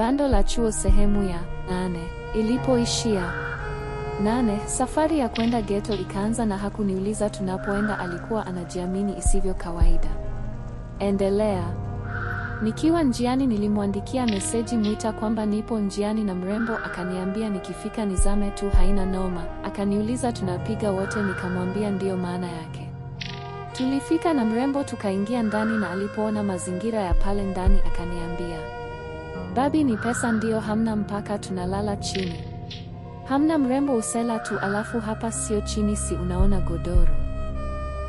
bando la chuo sehemu ya nane. Ilipoishia nane, safari ya kwenda geto ikaanza, na hakuniuliza tunapoenda. Alikuwa anajiamini isivyo kawaida. Endelea. Nikiwa njiani nilimwandikia meseji Mwita kwamba nipo njiani na mrembo, akaniambia nikifika nizame tu, haina noma. Akaniuliza tunapiga wote, nikamwambia ndiyo maana yake. Tulifika na mrembo tukaingia ndani, na alipoona mazingira ya pale ndani akaniambia Babi ni pesa ndiyo, hamna mpaka, tunalala chini. Hamna mrembo, usela tu, alafu hapa sio chini, si unaona godoro?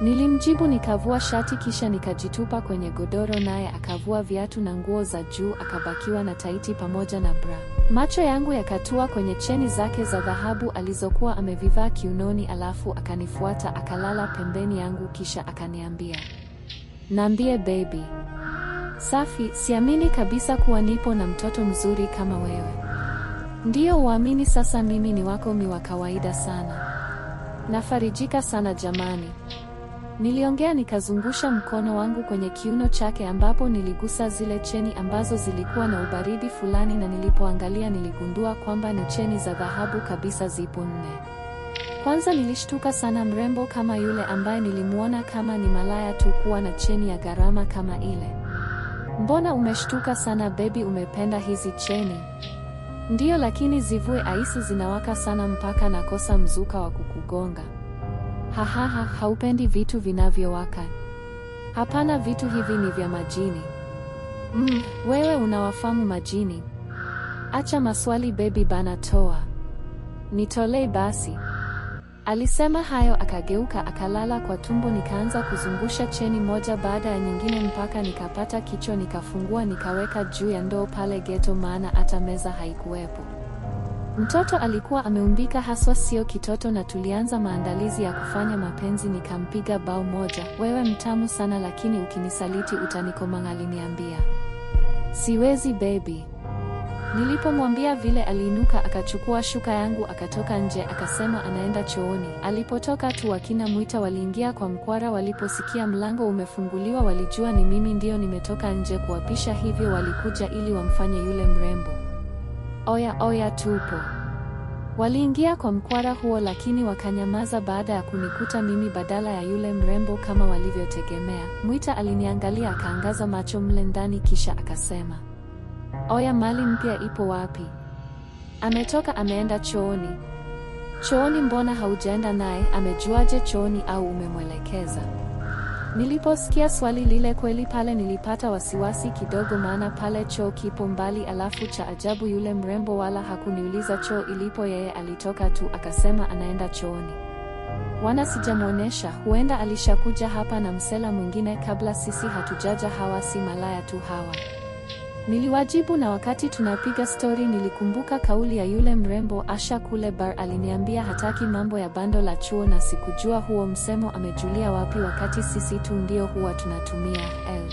Nilimjibu nikavua shati kisha nikajitupa kwenye godoro, naye akavua viatu na nguo za juu, akabakiwa na taiti pamoja na bra. Macho yangu yakatua kwenye cheni zake za dhahabu alizokuwa amevivaa kiunoni, alafu akanifuata akalala pembeni yangu, kisha akaniambia, naambie baby Safi, siamini kabisa kuwa nipo na mtoto mzuri kama wewe. Ndiyo uamini sasa mimi ni wako mi wa kawaida sana. Nafarijika sana jamani. Niliongea nikazungusha mkono wangu kwenye kiuno chake ambapo niligusa zile cheni ambazo zilikuwa na ubaridi fulani na nilipoangalia niligundua kwamba ni cheni za dhahabu kabisa zipo nne. Kwanza nilishtuka sana mrembo kama yule ambaye nilimuona kama ni malaya tu kuwa na cheni ya gharama kama ile. Mbona umeshtuka sana bebi, umependa hizi cheni? Ndiyo, lakini zivue aisi zinawaka sana mpaka nakosa mzuka wa kukugonga. Hahaha, haupendi vitu vinavyowaka? Hapana, vitu hivi ni vya majini. Mm, wewe unawafamu majini? Acha maswali bebi bana, toa nitolei basi. Alisema hayo akageuka akalala kwa tumbo, nikaanza kuzungusha cheni moja baada ya nyingine mpaka nikapata kichwa, nikafungua, nikaweka juu ya ndoo pale geto, maana hata meza haikuwepo. Mtoto alikuwa ameumbika haswa, sio kitoto, na tulianza maandalizi ya kufanya mapenzi. Nikampiga bao moja, wewe mtamu sana, lakini ukinisaliti utanikomanga, aliniambia. Siwezi baby. Nilipomwambia vile, aliinuka akachukua shuka yangu akatoka nje, akasema anaenda chooni. Alipotoka tu, wakina Mwita waliingia kwa mkwara. Waliposikia mlango umefunguliwa, walijua ni mimi ndiyo nimetoka nje kuapisha, hivyo walikuja ili wamfanye yule mrembo. Oya oya, tupo. Waliingia kwa mkwara huo, lakini wakanyamaza baada ya kunikuta mimi badala ya yule mrembo kama walivyotegemea. Mwita aliniangalia akaangaza macho mle ndani, kisha akasema Oya, mali mpya ipo wapi? Ametoka ameenda chooni. Chooni mbona haujaenda naye? Amejuaje chooni au umemwelekeza? Niliposikia swali lile kweli pale nilipata wasiwasi kidogo, maana pale choo kipo mbali, alafu cha ajabu yule mrembo wala hakuniuliza choo ilipo, yeye alitoka tu akasema anaenda chooni. Wana sijamwonyesha, huenda alishakuja hapa na msela mwingine kabla sisi hatujaja. Hawa si malaya tu hawa. Niliwajibu na wakati tunapiga stori nilikumbuka kauli ya yule mrembo Asha kule bar aliniambia hataki mambo ya bando la chuo na sikujua huo msemo amejulia wapi wakati sisi tu ndio huwa tunatumia L.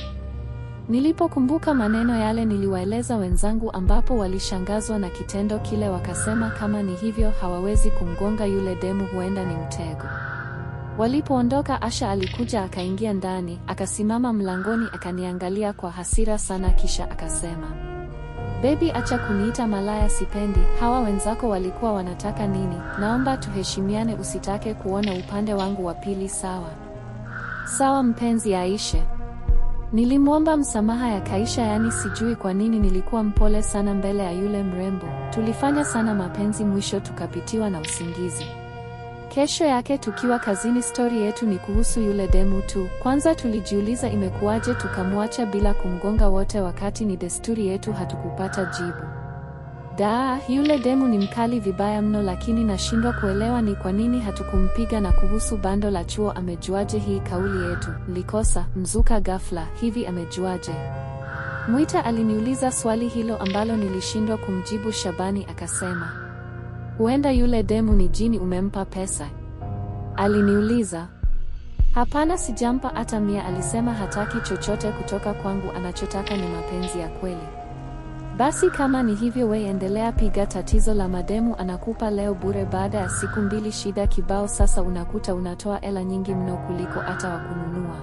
Nilipokumbuka maneno yale niliwaeleza wenzangu ambapo walishangazwa na kitendo kile wakasema kama ni hivyo hawawezi kumgonga yule demu huenda ni mtego. Walipoondoka, Asha alikuja akaingia ndani, akasimama mlangoni, akaniangalia kwa hasira sana, kisha akasema, Bebi, acha kuniita malaya, sipendi. Hawa wenzako walikuwa wanataka nini? Naomba tuheshimiane, usitake kuona upande wangu wa pili, sawa? Sawa mpenzi Aisha. Nilimwomba msamaha ya Kaisha, yani sijui kwa nini nilikuwa mpole sana mbele ya yule mrembo. Tulifanya sana mapenzi, mwisho tukapitiwa na usingizi. Kesho yake tukiwa kazini, stori yetu ni kuhusu yule demu tu. Kwanza tulijiuliza imekuwaje tukamwacha bila kumgonga wote, wakati ni desturi yetu. Hatukupata jibu. Daa, yule demu ni mkali vibaya mno, lakini nashindwa kuelewa ni kwa nini hatukumpiga. Na kuhusu bando la chuo, amejuaje hii kauli yetu? Likosa mzuka ghafla hivi, amejuaje? Mwita aliniuliza swali hilo ambalo nilishindwa kumjibu. Shabani akasema Huenda yule demu ni jini umempa pesa? Aliniuliza. Hapana, sijampa hata mia. Alisema hataki chochote kutoka kwangu, anachotaka ni mapenzi ya kweli. Basi kama ni hivyo, we endelea piga. Tatizo la mademu anakupa leo bure, baada ya siku mbili shida kibao. Sasa unakuta unatoa hela nyingi mno kuliko hata wakununua.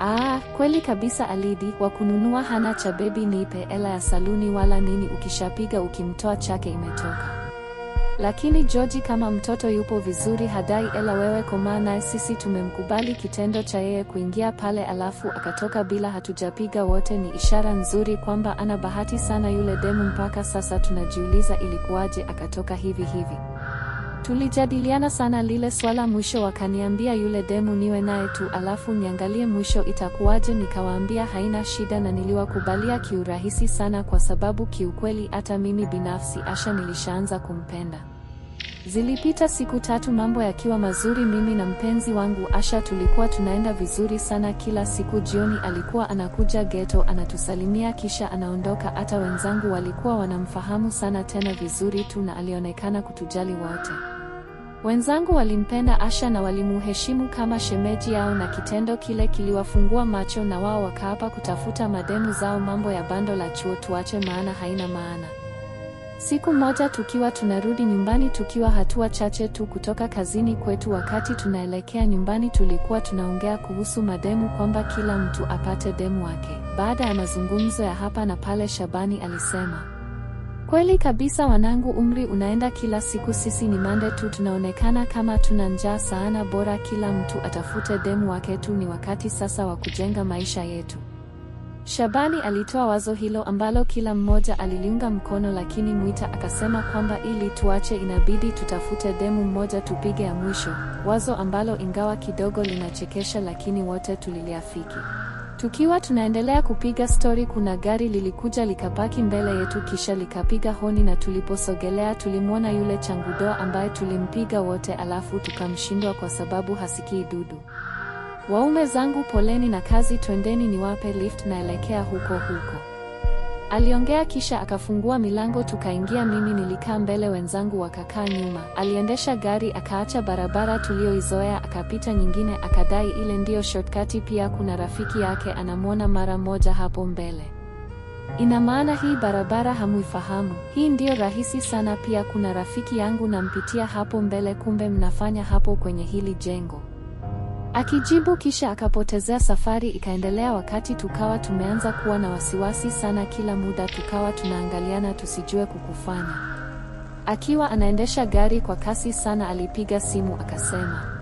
Ah, kweli kabisa Alidi, wakununua hana cha bebi, nipe hela ya saluni wala nini. Ukishapiga ukimtoa chake imetoka. Lakini joji kama mtoto yupo vizuri hadai ela wewe kwa maana sisi tumemkubali kitendo cha yeye kuingia pale alafu akatoka bila hatujapiga wote ni ishara nzuri kwamba ana bahati sana yule demu mpaka sasa tunajiuliza ilikuwaje akatoka hivi hivi. Tulijadiliana sana lile swala mwisho wakaniambia yule demu niwe naye tu alafu niangalie mwisho itakuwaje nikawaambia haina shida na niliwakubalia kiurahisi sana kwa sababu kiukweli hata mimi binafsi Asha nilishaanza kumpenda. Zilipita siku tatu mambo yakiwa mazuri mimi na mpenzi wangu Asha tulikuwa tunaenda vizuri sana kila siku jioni alikuwa anakuja geto anatusalimia kisha anaondoka hata wenzangu walikuwa wanamfahamu sana tena vizuri tu na alionekana kutujali wote. Wenzangu walimpenda Asha na walimuheshimu kama shemeji yao na kitendo kile kiliwafungua macho na wao wakaapa kutafuta mademu zao mambo ya bando la chuo tuache maana haina maana. Siku moja tukiwa tunarudi nyumbani tukiwa hatua chache tu kutoka kazini kwetu wakati tunaelekea nyumbani tulikuwa tunaongea kuhusu mademu kwamba kila mtu apate demu wake. Baada ya mazungumzo ya hapa na pale Shabani alisema Kweli kabisa wanangu, umri unaenda kila siku, sisi ni mande tu, tunaonekana kama tuna njaa sana. Bora kila mtu atafute demu wake tu, ni wakati sasa wa kujenga maisha yetu. Shabani alitoa wazo hilo ambalo kila mmoja aliliunga mkono, lakini Mwita akasema kwamba ili tuache inabidi tutafute demu mmoja tupige ya mwisho, wazo ambalo ingawa kidogo linachekesha, lakini wote tuliliafiki. Tukiwa tunaendelea kupiga stori, kuna gari lilikuja likapaki mbele yetu, kisha likapiga honi, na tuliposogelea tulimwona yule changudo ambaye tulimpiga wote, alafu tukamshindwa kwa sababu hasikii dudu. Waume zangu poleni na kazi, twendeni niwape lift, naelekea huko huko. Aliongea kisha akafungua milango tukaingia. Mimi nilikaa mbele, wenzangu wakakaa nyuma. Aliendesha gari akaacha barabara tuliyoizoea, akapita nyingine, akadai ile ndiyo shortcut. Pia kuna rafiki yake anamwona mara moja hapo mbele. Ina maana hii barabara hamuifahamu? Hii ndiyo rahisi sana. Pia kuna rafiki yangu nampitia hapo mbele, kumbe mnafanya hapo kwenye hili jengo akijibu, kisha akapotezea. Safari ikaendelea. Wakati tukawa tumeanza kuwa na wasiwasi sana, kila muda tukawa tunaangaliana tusijue kukufanya. Akiwa anaendesha gari kwa kasi sana, alipiga simu akasema,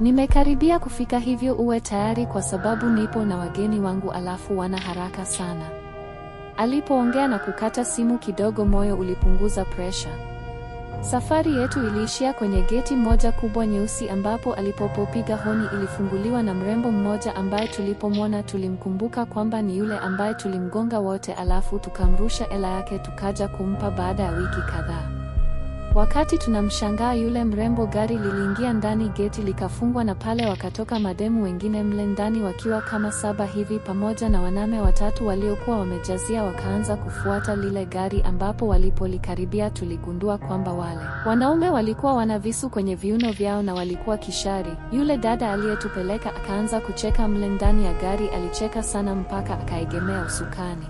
nimekaribia kufika, hivyo uwe tayari kwa sababu nipo na wageni wangu, alafu wana haraka sana. Alipoongea na kukata simu kidogo, moyo ulipunguza pressure. Safari yetu iliishia kwenye geti moja kubwa nyeusi ambapo alipopopiga honi ilifunguliwa na mrembo mmoja ambaye tulipomwona tulimkumbuka kwamba ni yule ambaye tulimgonga wote alafu tukamrusha hela yake tukaja kumpa baada ya wiki kadhaa. Wakati tunamshangaa yule mrembo, gari liliingia ndani, geti likafungwa, na pale wakatoka mademu wengine mle ndani wakiwa kama saba hivi, pamoja na wanaume watatu waliokuwa wamejazia, wakaanza kufuata lile gari, ambapo walipolikaribia tuligundua kwamba wale wanaume walikuwa wana visu kwenye viuno vyao na walikuwa kishari. Yule dada aliyetupeleka akaanza kucheka mle ndani ya gari, alicheka sana mpaka akaegemea usukani.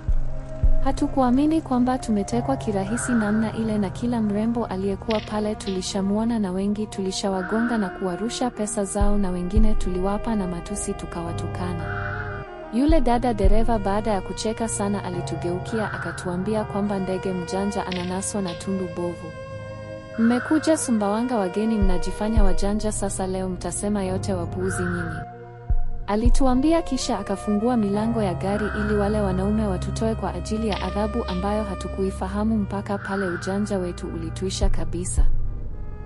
Hatukuamini kwamba tumetekwa kirahisi namna ile, na kila mrembo aliyekuwa pale tulishamwona, na wengi tulishawagonga na kuwarusha pesa zao, na wengine tuliwapa na matusi tukawatukana. Yule dada dereva baada ya kucheka sana alitugeukia akatuambia kwamba ndege mjanja ananaswa na tundu bovu. Mmekuja Sumbawanga wageni, mnajifanya wajanja, sasa leo mtasema yote wapuuzi nyinyi. Alituambia kisha akafungua milango ya gari ili wale wanaume watutoe kwa ajili ya adhabu ambayo hatukuifahamu mpaka pale ujanja wetu ulituisha kabisa.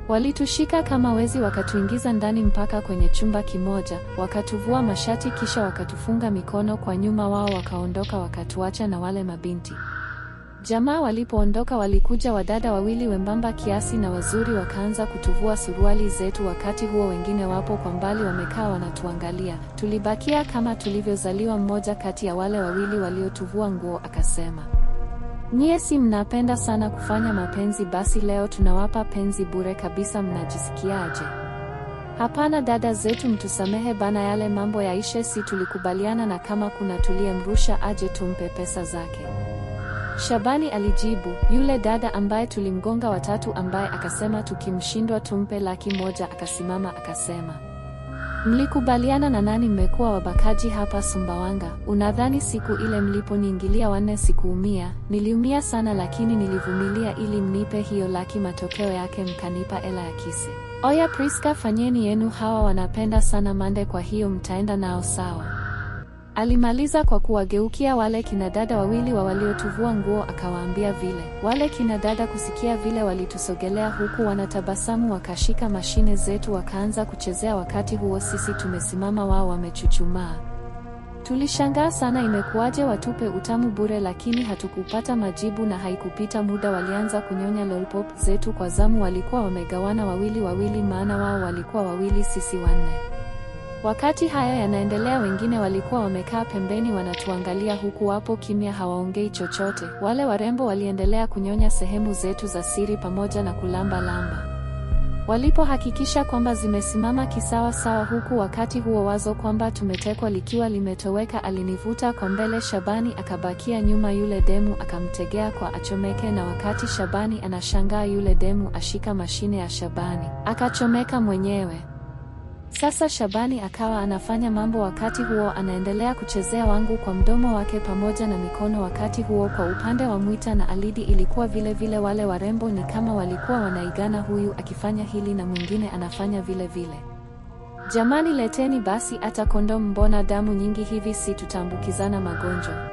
Walitushika kama wezi wakatuingiza ndani mpaka kwenye chumba kimoja, wakatuvua mashati kisha wakatufunga mikono kwa nyuma wao wakaondoka wakatuacha na wale mabinti. Jamaa walipoondoka walikuja wadada wawili wembamba kiasi na wazuri wakaanza kutuvua suruali zetu, wakati huo wengine wapo kwa mbali wamekaa wanatuangalia. Tulibakia kama tulivyozaliwa. Mmoja kati ya wale wawili waliotuvua nguo akasema, nyie si mnapenda sana kufanya mapenzi? Basi leo tunawapa penzi bure kabisa, mnajisikiaje? Hapana dada zetu, mtusamehe bana, yale mambo yaishe, si tulikubaliana, na kama kuna tuliyemrusha aje tumpe pesa zake. Shabani alijibu, yule dada ambaye tulimgonga watatu ambaye akasema tukimshindwa tumpe laki moja akasimama akasema, mlikubaliana na nani mmekuwa wabakaji hapa Sumbawanga? Unadhani siku ile mliponiingilia wanne sikuumia? Niliumia sana, lakini nilivumilia ili mnipe hiyo laki. Matokeo yake mkanipa ela ya kisi Oya Priska, fanyeni yenu, hawa wanapenda sana mande, kwa hiyo mtaenda nao sawa. Alimaliza kwa kuwageukia wale kinadada wawili wa waliotuvua nguo akawaambia vile. Wale kinadada kusikia vile walitusogelea huku wanatabasamu wakashika mashine zetu wakaanza kuchezea wakati huo sisi tumesimama wao wamechuchumaa. Tulishangaa sana imekuwaje watupe utamu bure lakini hatukupata majibu na haikupita muda walianza kunyonya lollipop zetu kwa zamu walikuwa wamegawana wawili wawili maana wao walikuwa wawili sisi wanne. Wakati haya yanaendelea, wengine walikuwa wamekaa pembeni wanatuangalia huku wapo kimya, hawaongei chochote. Wale warembo waliendelea kunyonya sehemu zetu za siri pamoja na kulamba lamba. Walipohakikisha kwamba zimesimama kisawa sawa, huku wakati huo wazo kwamba tumetekwa likiwa limetoweka, alinivuta kwa mbele Shabani akabakia nyuma, yule demu akamtegea kwa achomeke, na wakati Shabani anashangaa, yule demu ashika mashine ya Shabani akachomeka mwenyewe. Sasa Shabani akawa anafanya mambo, wakati huo anaendelea kuchezea wangu kwa mdomo wake pamoja na mikono. Wakati huo kwa upande wa Mwita na Alidi ilikuwa vile vile, wale warembo ni kama walikuwa wanaigana, huyu akifanya hili na mwingine anafanya vile vile. Jamani, leteni basi hata kondomu, mbona damu nyingi hivi, si tutaambukizana magonjwa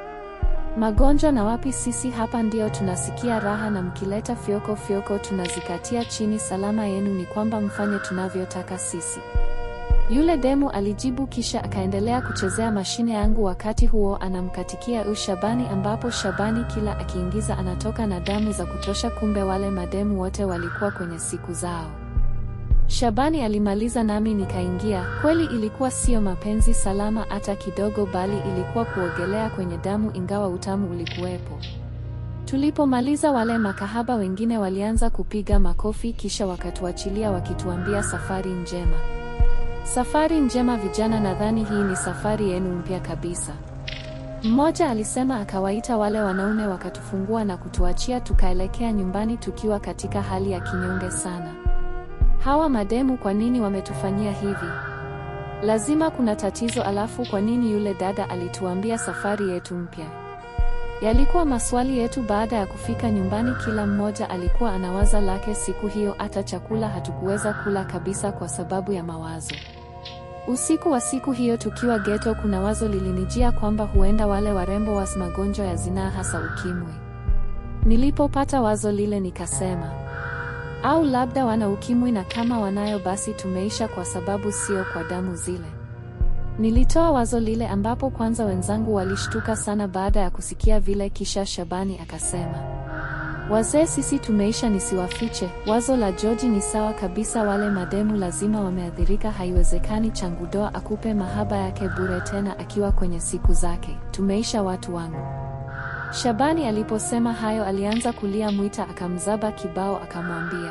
magonjwa na wapi? Sisi hapa ndio tunasikia raha, na mkileta fyoko fyoko tunazikatia chini. Salama yenu ni kwamba mfanye tunavyotaka sisi. Yule demu alijibu kisha akaendelea kuchezea mashine yangu. Wakati huo anamkatikia u Shabani, ambapo Shabani kila akiingiza anatoka na damu za kutosha. Kumbe wale mademu wote walikuwa kwenye siku zao. Shabani alimaliza nami nikaingia. Kweli ilikuwa siyo mapenzi salama hata kidogo, bali ilikuwa kuogelea kwenye damu, ingawa utamu ulikuwepo. Tulipomaliza wale makahaba wengine walianza kupiga makofi, kisha wakatuachilia wakituambia safari njema. Safari njema vijana, nadhani hii ni safari yenu mpya kabisa. Mmoja alisema akawaita wale wanaume wakatufungua na kutuachia tukaelekea nyumbani tukiwa katika hali ya kinyonge sana. Hawa mademu kwa nini wametufanyia hivi? Lazima kuna tatizo alafu kwa nini yule dada alituambia safari yetu mpya? Yalikuwa maswali yetu baada ya kufika nyumbani kila mmoja alikuwa anawaza lake siku hiyo hata chakula hatukuweza kula kabisa kwa sababu ya mawazo. Usiku wa siku hiyo tukiwa geto, kuna wazo lilinijia kwamba huenda wale warembo wa magonjwa ya zinaa, hasa ukimwi. Nilipopata wazo lile nikasema, au labda wana ukimwi, na kama wanayo basi tumeisha, kwa sababu sio kwa damu zile. Nilitoa wazo lile ambapo kwanza wenzangu walishtuka sana baada ya kusikia vile, kisha Shabani akasema Wazee sisi tumeisha, nisiwafiche. Wazo la George ni sawa kabisa, wale mademu lazima wameathirika. Haiwezekani changudoa akupe mahaba yake bure, tena akiwa kwenye siku zake. Tumeisha watu wangu. Shabani aliposema hayo alianza kulia. Mwita akamzaba kibao akamwambia,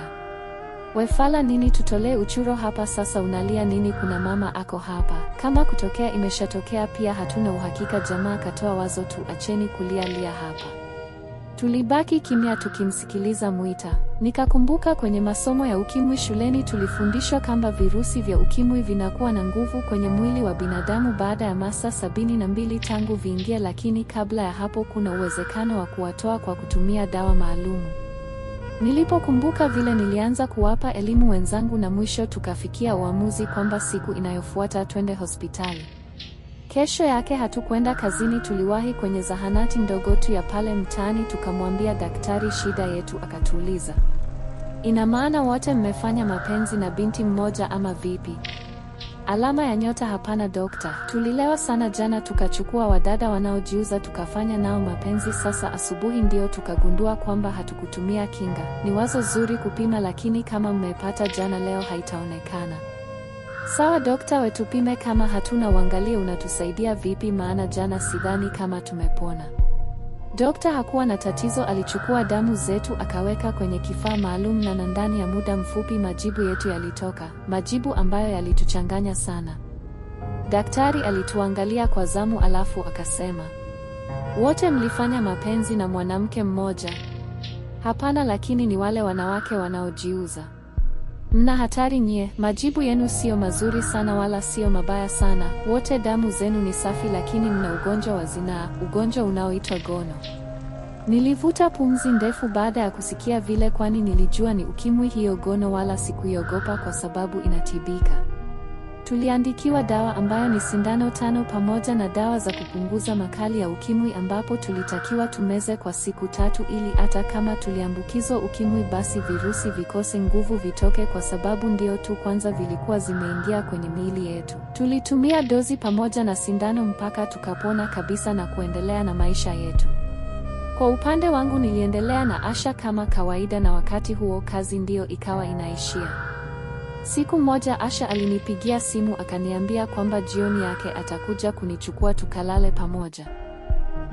wefala nini, tutolee uchuro hapa sasa. Unalia nini? Kuna mama ako hapa, kama kutokea imeshatokea, pia hatuna uhakika. Jamaa akatoa wazo tu, acheni kulia lia hapa Tulibaki kimya tukimsikiliza Mwita. Nikakumbuka kwenye masomo ya ukimwi shuleni tulifundishwa kwamba virusi vya ukimwi vinakuwa na nguvu kwenye mwili wa binadamu baada ya masa sabini na mbili tangu viingie, lakini kabla ya hapo kuna uwezekano wa kuwatoa kwa kutumia dawa maalum Nilipokumbuka vile nilianza kuwapa elimu wenzangu na mwisho tukafikia uamuzi kwamba siku inayofuata twende hospitali. Kesho yake hatukwenda kazini. Tuliwahi kwenye zahanati ndogo tu ya pale mtaani, tukamwambia daktari shida yetu. Akatuuliza, ina maana wote mmefanya mapenzi na binti mmoja ama vipi? Alama ya nyota. Hapana dokta, tulilewa sana jana, tukachukua wadada wanaojiuza tukafanya nao mapenzi. Sasa asubuhi ndio tukagundua kwamba hatukutumia kinga. Ni wazo zuri kupima, lakini kama mmepata jana, leo haitaonekana. Sawa dokta, wetupime kama hatuna, uangalie unatusaidia vipi, maana jana sidhani kama tumepona. Dokta hakuwa na tatizo, alichukua damu zetu akaweka kwenye kifaa maalum, na ndani ya muda mfupi majibu yetu yalitoka, majibu ambayo yalituchanganya sana. Daktari alituangalia kwa zamu, alafu akasema, wote mlifanya mapenzi na mwanamke mmoja? Hapana, lakini ni wale wanawake wanaojiuza Mna hatari nyie, majibu yenu siyo mazuri sana wala siyo mabaya sana. Wote damu zenu ni safi lakini mna ugonjwa wa zinaa, ugonjwa unaoitwa gono. Nilivuta pumzi ndefu baada ya kusikia vile kwani nilijua ni ukimwi hiyo gono wala sikuiogopa kwa sababu inatibika. Tuliandikiwa dawa ambayo ni sindano tano pamoja na dawa za kupunguza makali ya ukimwi ambapo tulitakiwa tumeze kwa siku tatu ili hata kama tuliambukizwa ukimwi basi virusi vikose nguvu vitoke kwa sababu ndio tu kwanza vilikuwa zimeingia kwenye miili yetu. Tulitumia dozi pamoja na sindano mpaka tukapona kabisa na kuendelea na maisha yetu. Kwa upande wangu niliendelea na Asha kama kawaida na wakati huo kazi ndiyo ikawa inaishia. Siku moja Asha alinipigia simu akaniambia kwamba jioni yake atakuja kunichukua tukalale pamoja.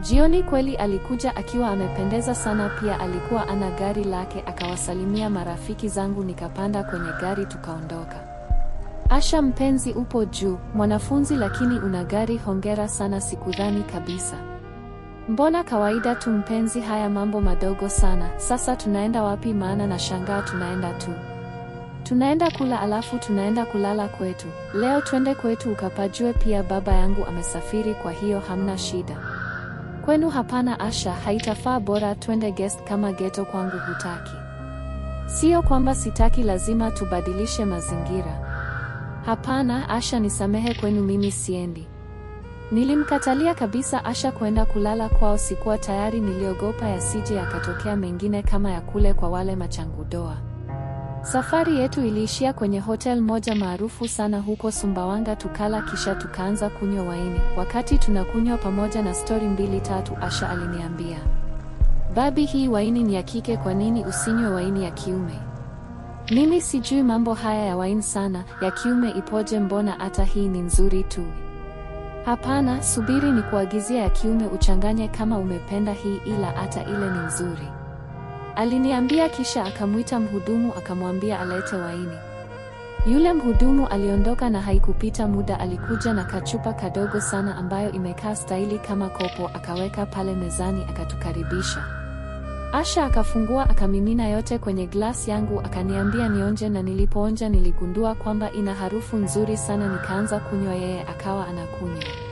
Jioni kweli alikuja akiwa amependeza sana pia alikuwa ana gari lake akawasalimia marafiki zangu nikapanda kwenye gari tukaondoka. Asha mpenzi upo juu, mwanafunzi lakini una gari hongera sana sikudhani kabisa. Mbona kawaida tu mpenzi haya mambo madogo sana. Sasa tunaenda wapi maana na shangaa tunaenda tu. Tunaenda kula alafu tunaenda kulala kwetu. Leo twende kwetu ukapajue pia baba yangu amesafiri kwa hiyo hamna shida. Kwenu hapana Asha, haitafaa bora twende guest kama geto kwangu hutaki. Sio kwamba sitaki, lazima tubadilishe mazingira. Hapana Asha, nisamehe, kwenu mimi siendi. Nilimkatalia kabisa Asha kwenda kulala kwao, sikuwa tayari, niliogopa yasije yakatokea mengine kama ya kule kwa wale machangudoa. Safari yetu iliishia kwenye hotel moja maarufu sana huko Sumbawanga. Tukala kisha tukaanza kunywa waini. Wakati tunakunywa pamoja na stori mbili tatu, Asha aliniambia, Babi, hii waini ni ya kike, kwa nini usinywe waini ya kiume? Mimi sijui mambo haya ya waini sana, ya kiume ipoje? Mbona hata hii ni nzuri tu. Hapana, subiri ni kuagizia ya kiume uchanganye kama umependa hii, ila hata ile ni nzuri. Aliniambia kisha akamwita mhudumu akamwambia alete waini. Yule mhudumu aliondoka na haikupita muda alikuja na kachupa kadogo sana ambayo imekaa staili kama kopo akaweka pale mezani akatukaribisha. Asha akafungua akamimina yote kwenye glasi yangu akaniambia nionje na nilipoonja niligundua kwamba ina harufu nzuri sana nikaanza kunywa yeye akawa anakunywa.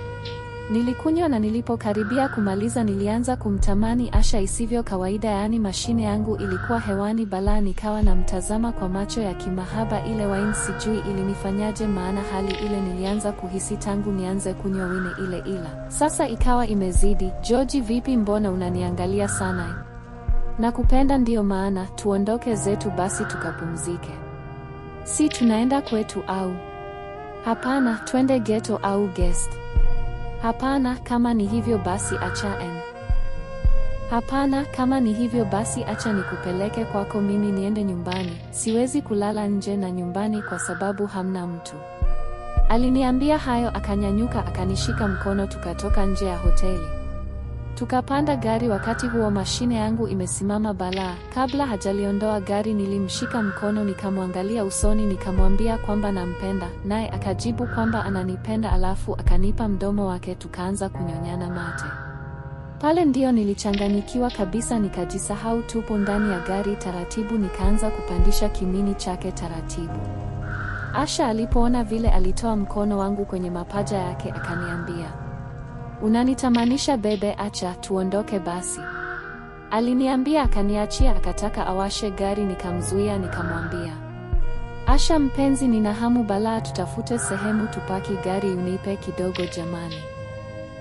Nilikunywa na nilipokaribia kumaliza nilianza kumtamani Asha isivyo kawaida, yaani mashine yangu ilikuwa hewani balaa. Nikawa namtazama kwa macho ya kimahaba. Ile wine, sijui ilinifanyaje, maana hali ile nilianza kuhisi tangu nianze kunywa wine ile, ila sasa ikawa imezidi. George, vipi? Mbona unaniangalia sana? Nakupenda, ndiyo maana tuondoke zetu basi tukapumzike. Si tunaenda kwetu au? Hapana, twende geto au guest Hapana, kama ni hivyo basi acha en. Hapana, kama ni hivyo basi acha nikupeleke kwako, mimi niende nyumbani, siwezi kulala nje na nyumbani kwa sababu hamna mtu. Aliniambia hayo, akanyanyuka akanishika mkono, tukatoka nje ya hoteli. Tukapanda gari. Wakati huo mashine yangu imesimama balaa. Kabla hajaliondoa gari, nilimshika mkono, nikamwangalia usoni, nikamwambia kwamba nampenda, naye akajibu kwamba ananipenda, alafu akanipa mdomo wake, tukaanza kunyonyana mate. Pale ndiyo nilichanganyikiwa kabisa, nikajisahau. Tupo ndani ya gari taratibu, nikaanza kupandisha kimini chake taratibu. Asha alipoona vile, alitoa mkono wangu kwenye mapaja yake, akaniambia Unanitamanisha bebe, acha tuondoke basi. Aliniambia akaniachia, akataka awashe gari, nikamzuia, nikamwambia Asha mpenzi, nina hamu balaa, tutafute sehemu tupaki gari, unipe kidogo jamani.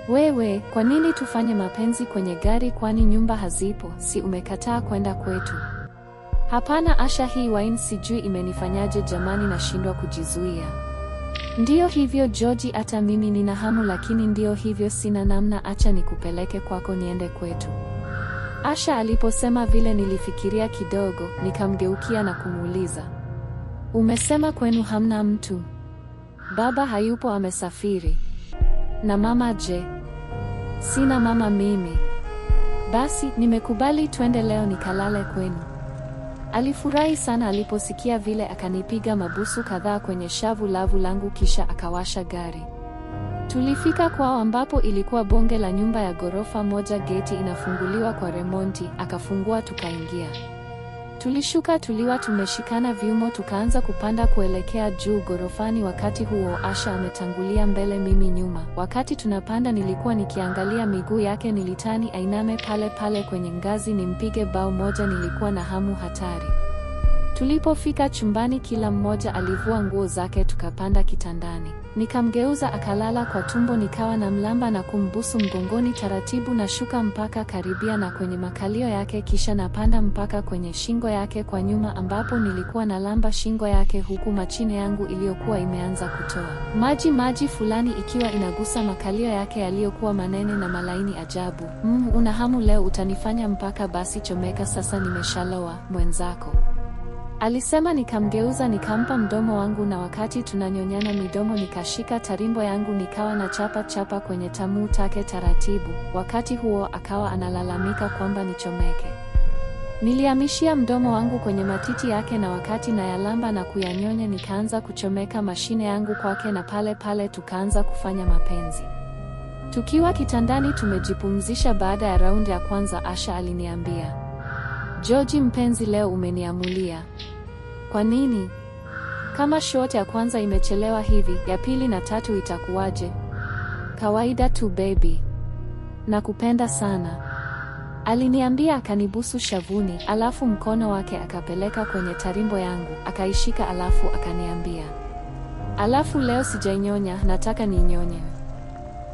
Wewe kwa nini tufanye mapenzi kwenye gari? Kwani nyumba hazipo? Si umekataa kwenda kwetu? Hapana Asha, hii wine sijui imenifanyaje jamani, nashindwa kujizuia. Ndiyo hivyo George, hata mimi nina hamu, lakini ndiyo hivyo, sina namna. Acha nikupeleke kwako, niende kwetu. Asha aliposema vile, nilifikiria kidogo, nikamgeukia na kumuuliza, umesema kwenu hamna mtu? Baba hayupo, amesafiri. Na mama je? Sina mama mimi. Basi nimekubali, twende leo nikalale kwenu. Alifurahi sana aliposikia vile, akanipiga mabusu kadhaa kwenye shavu lavu langu, kisha akawasha gari. Tulifika kwao ambapo ilikuwa bonge la nyumba ya ghorofa moja, geti inafunguliwa kwa remonti, akafungua tukaingia. Tulishuka tuliwa tumeshikana viumo, tukaanza kupanda kuelekea juu gorofani. Wakati huo Asha ametangulia mbele, mimi nyuma. Wakati tunapanda, nilikuwa nikiangalia miguu yake, nilitani ainame pale pale kwenye ngazi nimpige bao moja. Nilikuwa na hamu hatari. Tulipofika chumbani, kila mmoja alivua nguo zake, tukapanda kitandani. Nikamgeuza akalala kwa tumbo, nikawa na mlamba na kumbusu mgongoni taratibu, na shuka mpaka karibia na kwenye makalio yake, kisha napanda mpaka kwenye shingo yake kwa nyuma, ambapo nilikuwa na lamba shingo yake, huku machine yangu iliyokuwa imeanza kutoa maji maji fulani ikiwa inagusa makalio yake yaliyokuwa manene na malaini ajabu. Mm, una hamu leo utanifanya mpaka, basi chomeka sasa, nimeshalowa mwenzako. Alisema nikamgeuza nikampa mdomo wangu na wakati tunanyonyana midomo nikashika tarimbo yangu nikawa na chapa chapa kwenye tamu take taratibu. Wakati huo akawa analalamika kwamba nichomeke. niliamishia mdomo wangu kwenye matiti yake na wakati nayalamba na kuyanyonya nikaanza kuchomeka mashine yangu kwake na pale pale tukaanza kufanya mapenzi. Tukiwa kitandani tumejipumzisha baada ya raundi ya kwanza Asha aliniambia, George mpenzi leo umeniamulia. Kwa nini? Kama shot ya kwanza imechelewa hivi, ya pili na tatu itakuwaje? Kawaida tu baby. Nakupenda sana. Aliniambia akanibusu shavuni, alafu mkono wake akapeleka kwenye tarimbo yangu, akaishika alafu akaniambia, alafu leo sijainyonya, nataka niinyonye.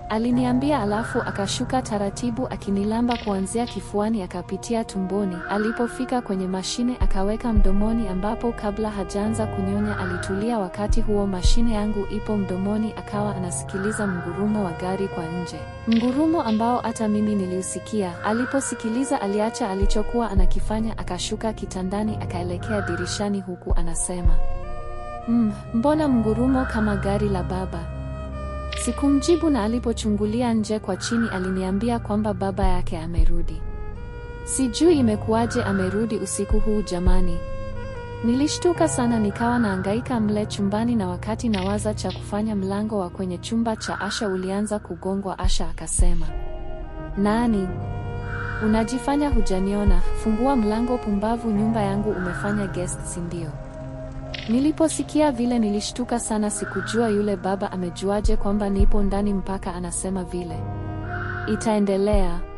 Aliniambia alafu akashuka taratibu akinilamba kuanzia kifuani akapitia tumboni. Alipofika kwenye mashine akaweka mdomoni ambapo kabla hajaanza kunyonya alitulia. Wakati huo mashine yangu ipo mdomoni, akawa anasikiliza mgurumo wa gari kwa nje. Mgurumo ambao hata mimi niliusikia. Aliposikiliza aliacha alichokuwa anakifanya akashuka kitandani akaelekea dirishani huku anasema, mm, mbona mgurumo kama gari la baba? Sikumjibu na alipochungulia nje kwa chini aliniambia kwamba baba yake amerudi. Sijui imekuwaje amerudi usiku huu jamani. Nilishtuka sana nikawa naangaika mle chumbani na wakati nawaza cha kufanya mlango wa kwenye chumba cha Asha ulianza kugongwa Asha akasema. Nani? Unajifanya hujaniona, fungua mlango pumbavu nyumba yangu umefanya guest si ndio? Niliposikia vile nilishtuka sana, sikujua yule baba amejuaje kwamba nipo ndani mpaka anasema vile. Itaendelea.